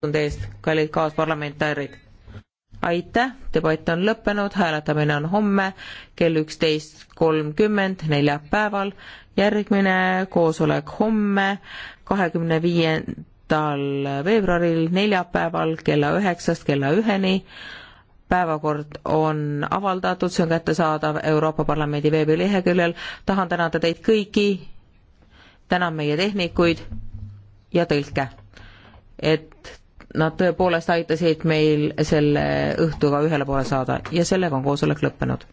tunde eest, kallid kaasparlamentäärid. aitäh, debatt on lõppenud, hääletamine on homme kell üksteist kolmkümmend neljapäeval, järgmine koosolek homme, kahekümne viiendal veebruaril neljapäeval kella üheksast kella üheni. päevakord on avaldatud, see on kättesaadav Euroopa Parlamendi veebileheküljel. tahan tänada teid kõiki, tänan meie tehnikuid ja tõlke, et nad tõepoolest aitasid meil selle õhtuga ühele poole saada ja sellega on koosolek lõppenud.